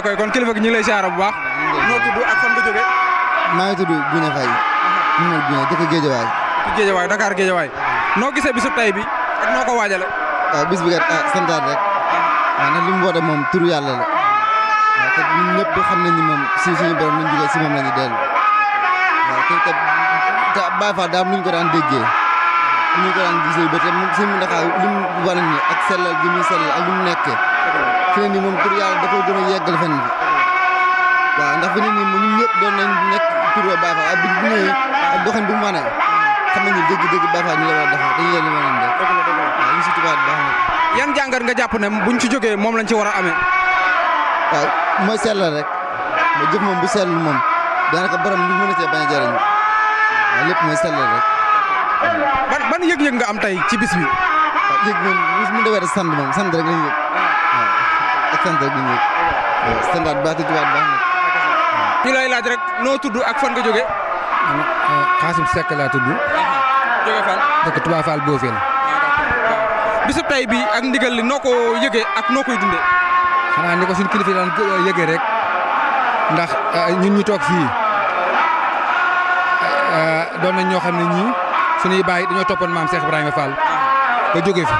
waaw koy kon kilifa gi ñu ngi lay siyaara bu baax. noo tudd ak fan nga jógee. maa ngi tudd Guné Faye. ñu ngi Guné dëkk Géejawaay. dëkk Géejawaay Dakar Géejawaay. noo gisee bisu tay bi ak noo ko waajale waaw bis bi kat ah santaat rek. waaw ah. nag li mu woote moom turu yàlla la. te ñun ñëpp xam nañ ni moom si suñu borom ñu jógee si moom la ñu dellu. waaw te kat te Baay Faal daal nuñ ko daan déggee. nuñ ko daan gisee ba te suñu ndax li mu wane nii ak sellal gi sellal ak li mu nekkee fi ne nii moom tur yàlla da koo gën a yeggal fenn waaw ndax fi ne nii ñun ñëpp doon nañ nekk tur ba Baay Faal waaye bu ñu ñëwee ak doxin bu mu mën a xam nañu dëgg-dëgg Baay Faal ñu la war a defar dañu leen di mën a def waaw ñu si tubaab baax na. jàngat nga jàpp ne buñ ci jógee moom lañ ci war a amee. waaw mooy sell rek mooy jëf moom bu sell moom daanaka borom lu mën a cee bañ a jëriñ waaw lépp mooy sell rek. ban ban yëg-yëg nga am tey ci bis bi. waaw yëg moom bis mu dawee sant moom sant rek sant ak ñun santaat baax tudd ak fan nga jóge euh, Xaasim Seck laa tudd. jóge fan. bi ak ndigal li noo ko yëgee ak noo koy dundee. xanaa ni ko suñu kilifa daan euh, yëgee rek ndax euh, ñun ñu toog fii doon nañ ñoo xam ne ñii suñuy bàyyi dañoo toppoon maam Cheikh Ibrahima Fall ba jóge fi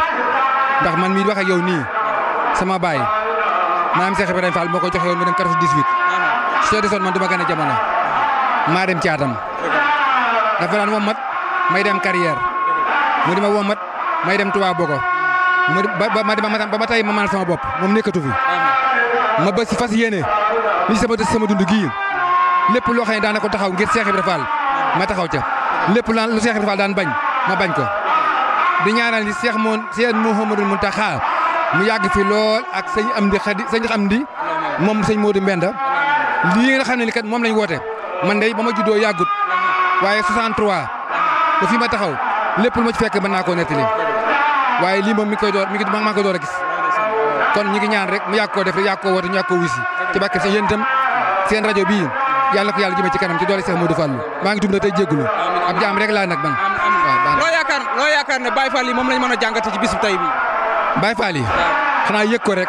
ndax man mii wax ak yow nii sama baay maam Cheikh Ibrahima Fall moo ko joxe woon mu dem 98. Cheikh Diouf ma gën a jamono maa dem caatam. dafa daan womat may dem carrière mu di ma mat may dem Touba Bogo mu ba ba ma ba ma tey ma maal sama bopp moom nekkatu fi. ma ba si fas yéene li sama sama dund gii lépp loo xam ne daan ko taxaw ngir Cheikh Ibrahima Fall ma taxaw ca lépp lu Cheikh Ibrahima Fall daan bañ ma bañ ko. di ñaanal ni seex moom Cheikh Mouhamadou Mountakha mu yàgg fi lool ak sëñ Amdi Xadi sëñ Amdi moom sëñ Modou Mbenda lii nga xam ne li kat moom lañ woote man day ba ma juddoo yàggut waaye 63 ba fi ma taxaw lépp lu ma ci fekk mën koo nettali waaye lii moom mi ngi koy mi ngi maa ngi koy door a kon ñu ngi ñaan rek mu yàgg koo def rek yàgg koo woote ñu yàgg koo wisi ci bàkke seen yéen itam seen rajo bii yàlla ko yàlla jëmee ci kanam ci doole Cheikh Modou Fallou maa ngi tuub na tey jéggulu ab jaam rek laa nag man waaw loo yaakaar loo ne Baye Fall yi moom lañ ci bisub tey bi Baye Fall yi xanaa yëg ko rek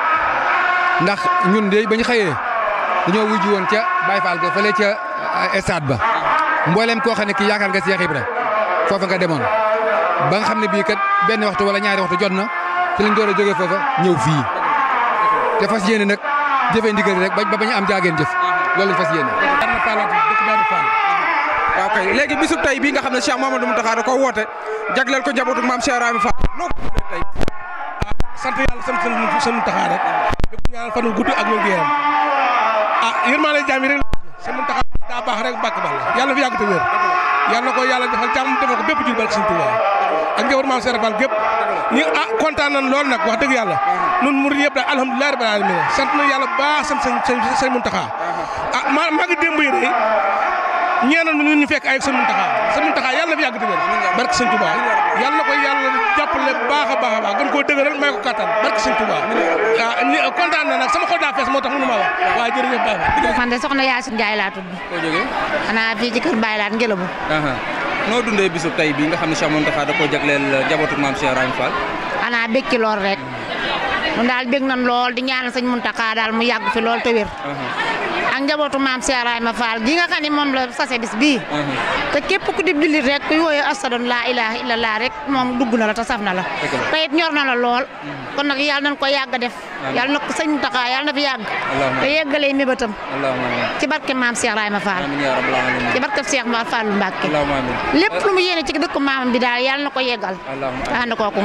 ndax ñun de bañ xëyee dañoo wujj woon ca Baye Fall ba fële ca euh, stade ba mbooleem koo xam ne kii yaakaar nga Cheikh Ibra foofa nga demoon ba xam ne bii kat benn waxtu wala ñaari waxtu jot na ci lañ door a jógee foofa ñëw fii te fas yéene nag jëfee ndigal rek ba bañ am jaageen jëf loolu fas yéene. waaw kay léegi bisub tey bii nga xam ne Cheikh Mamadou Mountakha da koo woote jagleel ko njabootu maam Cheikh Rahim sant yàlla sant seen seen taxaa rek lépp ñaanal fan wu gudd ak wér a yaram ah yërmaande jaam yi rek seen taxaa daa baax rek bàkk baax la yàlla fi yàgg te wér yàlla ko yàlla defal jàmm defal ko bépp jur barke Sëñ Tuubaa ak njaboot maam Seex Faal gépp ñu ah kontaan nañ lool nag wax dëgg yàlla nun murid yëpp daal alhamdulilah rabbil alamin sant nañ yàlla baax sant sëñ sëñ Muntaxaa ah maa ngi démb ñaanal nu ñu fekk ay sa Muntaxa sa Muntaxa yàlla na fi yàgg di wér barke sëñ Tuubaa yàlla ko yàlla jàppale baax a baax a baax gën koo dëgëral may ko kattan barke sëñ Tuubaa ah, kontaan na nag sama xol daa fees moo tax mënu maa wax waaye jërëjëf baax na. man de soxna Yacine Ndiaye koo jógee. xanaa fii ci kër Baye Laat Ngelabu. noo dundee bisu tey bii nga xam ne Cheikh Muntaxa da koo jagleel njabootu maam Cheikh Rahim Fall. xanaa bëgg ci lool rek. ñun daal bég nañ lool di ñaanal sañ Muntaxa daal mu yàgg fi lool te wér. Uh-huh. ak njabootu maam Seeraay ma Faal gi nga moom la sase bii. Uh-huh. te képp ku di jullit rek kuy wooyee asadon laa ilaaha illallah rek moom dugg na la te saf la. te it ñor na la lool. Uh-huh. kon nag yàlla nañ ko yàgg def. yàlla na ko sëñ Muntaxa yàlla na fi yàgg. te yeggalee mébétam. ci barke maam Seeraay ma Faal. ci barke Seex ma Faalu lépp lu mu yéene ci dëkk maamam bi daal yàlla na ko yeggal. ànd kooku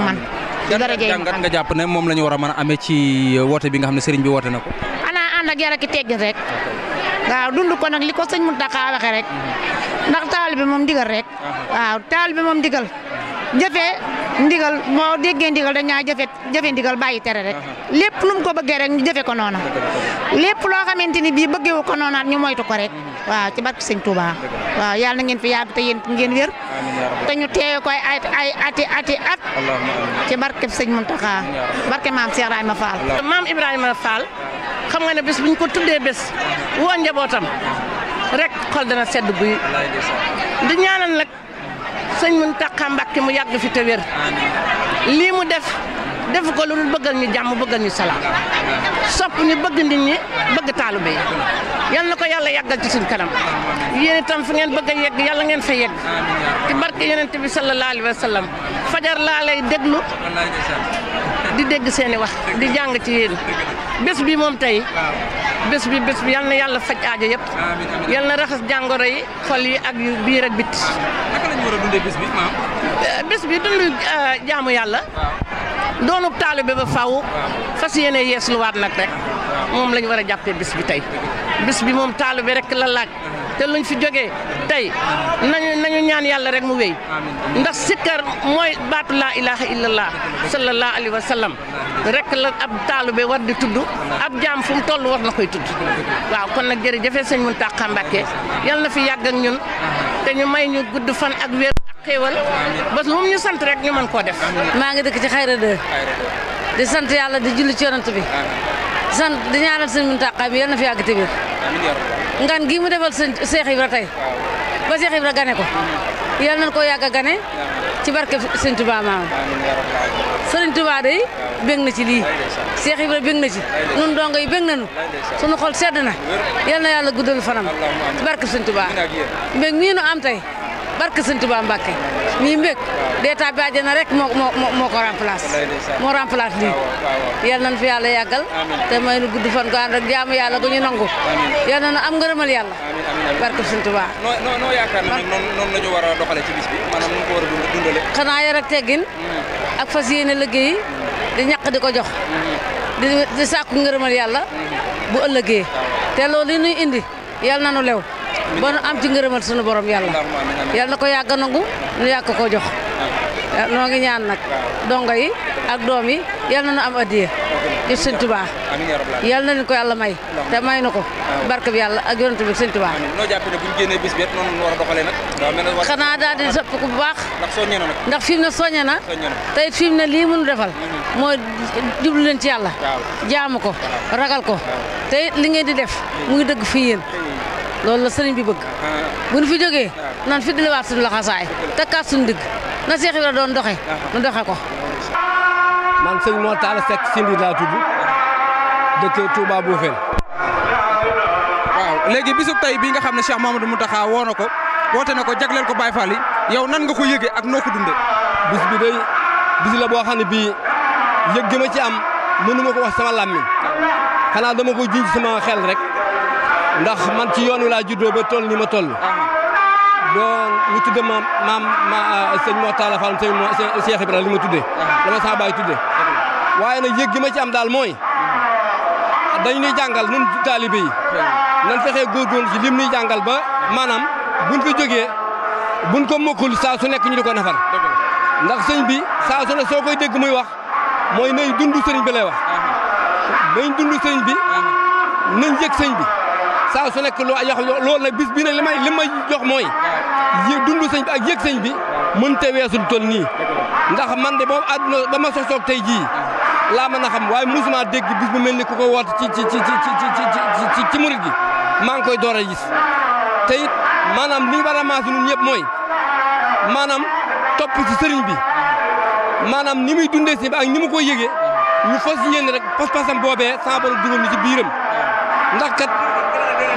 darajay jàngat nga jàpp ne moom la ñu war a mën a amee ci euh, woote bi nga xam ne sëriñ bi woote na ko. xanaa ànd ak yar ak teggin rek waaw dund ko nag li ko sëñ Mountakha waxee rek mm-hmm. ndax taal bi moom digal rek uh-huh. waaw taal bi moom digal. jëfee ndigal moo déggee ndigal dañ ñaa jëfe jëfe ndigal bàyyi tere rek lépp nu ko bëggee rek ñu jëfe ko noona lépp loo xamante ni bii bëggewu ko noonaat ñu moytu ko rek mhm. waaw ci barke sëñ Touba yàlla ngeen fi yàgg te yéen ngeen wér te ay ay ati ati at ci barke sëñ Mountakha barke maam Cheikh Ibrahima Fall maam Ibrahima Fall xam nga ne bés bu ñu ko tuddee bés woo njabootam rek xol dana sedd guy di ñaanal nag sëñ Muntaxa Mbàkke mu yàgg fi te wér lii mu def def ko lu dul bëggal ñu jàmm bëggal ñu salaam sopp ñu bëgg nit ñi bëgg taalu bi yal na ko yàlla yàggal ci suñu kanam yéen itam fu ngeen bëgg a yegg yàlla ngeen fa yegg ci barke yonent bi sallallahu alayhi wa sallam fajar laa lay déglu di dégg seeni wax di jàng ci yéen bés bi moom tey bés bi bés bi yal na yàlla faj aajo yëpp yal na raxas jàngoro yi xol yi ak yu biir ak bit war a dundee bis bi maam. Eh, bis bi dund eh, jaamu yalla doonub taalibe ba faw fas yéene yeesluwaat tay. rek mom lañ war a jàppee bis bi tay bis bi moom taalibe rek la laaj te luñ fi nañu nañu ñaan rek mu wéy ndax sikkar ilaha illallah sallallahu alaihi wasallam. sallam rek la ab taalibe war di tudd ab jaam fu mu toll war na koy tudd waaw kon nag jërëjëf sëñ Mountakha Mbacké yàlla na fi ak ñun dañu may ñu gudd fan ak wér ak xéewal ba lu mu ñu sant rek ñu mën koo def. maa ngi dëkk ci Xayra 2 di sant yàlla di julli ci yonent bi sant di ñaanal sëñ Muntaxa bi yal na fi yàgg tibir ngan gii mu defal sëñ Cheikh Ibra tey ba Cheikh Ibra gane ko yal nañ koo yàgg a gane ci barke Serigne Touba maam Serigne Touba day na ci lii Cheikh Ibra bég na ci nun dongo yi bég nañu sunu xol sedd na yal na yàlla guddal fanam ci barke Serigne Touba mii nu am tey barke sëñ Tuubaa mbake ni mbek dee bi adena rek mo mo mo ko remplace mo remplace li yal nañ fi yalla yagal te may lu gudd fan ko and ak jaamu yalla ko ñu nangu yal na am ngeureumal yalla barke sëñ Tuubaa no yaakaar na noonu non ñu war a doxale ci bis bi manam nu ko wara dundale xana ya rek teggin hmm. ak fasiyene liggey di ñak di ko jox hmm. di sàkku ngeureumal yalla hmm. bu ëllëgee té loolu li indi yal nañu lew ba nu am ci ngërëmal sunu borom yàlla yàlla na ko yàgg a nangu nu yàgg ko jox noo ngi ñaan nag dongo yi ak doom yi yàlla na nu am addiya ci sëñ Tuubaa yàlla na leen ko yàlla may te may na ko barke bi yàlla ak yonent bi sëñ Tuubaa noo jàpp ne bu ñu génnee bis ko bu baax ndax fi mu ne na te it fi mu ne lii mënu defal mooy jublu ci yàlla jaamu ko ragal ko te li ngeen di def mu ngi dëgg fii yéen loolu la sëriñ bi bëgg bu ñu fi jógee nan fi diliwaat suñu laxasaay takkaat suñu digg na Seex Ibra doon doxe nu doxe ko man sëñ Mor Talla Seck Sindi laa tudd dëkk Touba Boufène waaw léegi bisu tey bii nga xam ne Cheikh Mamadou Moutakha woo na ko woote na ko jagleel ko baay Fall yow nan nga ko yëgee ak noo ko dundee bis bi day bis la boo xam ne bii yëg gi ma ci am mënu ma ko wax sama làmmiñ xanaa dama ko jiñ sama xel rek ndax man ci yoon wi laa juddoo ba toll ni ma toll. doon ñu tudde maam maam ma euh, sëñ Mor Talla Fall sëñ Cheikh Ibrahima li ma tuddee. dama saa bàyyi tuddee. waaye nag yëg gi ma ci am daal mooy. dañ ñuy jàngal ñun taalibe yi. nan fexee góorgóorlu ci lim ñuy jàngal ba maanaam buñ fi jógee buñ ko mokkul saa su nekk ñu di ko nafar. ndax sëñ bi saa su ne soo koy dégg muy wax mooy nay dund sëriñ bi lay wax. nañ dund sëriñ bi nañ yëg sëñ bi. saa su loo yax loolu nag bis bi nag li may li may jox mooy dund bi ak yëg sëñ bi mënta weesul toll nii ndax man de boobu àdduna ba ma sosoog tey jii laa mën a xam waaye musuma dégg bis mel ni ku ko woote ci ci ci ci ci murit gi maa ngi koy door a gis te it maanaam li ñu war a maasi ñun ñëpp mooy maanaam topp ci sëriñ bi maanaam ni muy dundee si bi ak ni mu koy yëgee ñu fas yéene rek pas-pasam boobee sans borom dugal ñu ci biiram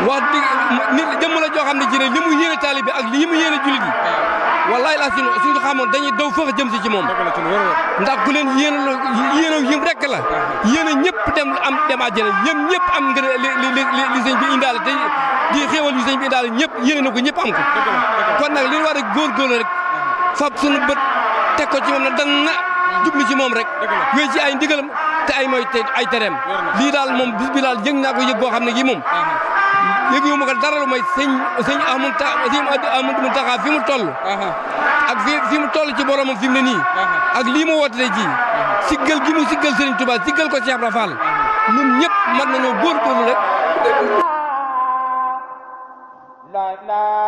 wax dëgg nit jëmm la joo xam ne jine li mu yéene taalibe ak li mu yéene jullit la wallaay laa suñu suñu xamoon dañuy daw foofu jëm si ci moom ndax ku leen yéen yéen a yim rek la yéen a ñëpp dem am dem àjjana yëm ñëpp am ngën li li li sëñ bi indaale te di xéewal yu sëñ ñëpp yéene na ko ñëpp am ko kon nag li war a góorgóorlu rek fab suñu bët teg ko ci moom na dan na jublu ci moom rek wéy ci ay ndigalam te ay mooy te ay tereem lii daal moom bis bi daal yëg naa ko yëg boo xam ne gi moom yëg ma ko dara lu may sëñ sëñ Ahmadu sëñ Ahmadu Muntaxa fi mu toll. ak fi fi mu toll ci boromam fi mu ne nii. ak lii mu woote ji. siggal gi mu siggal Serigne Touba siggal ko Cheikh Ibra Fall. ñun ñëpp mën nañoo góorgóorlu rek.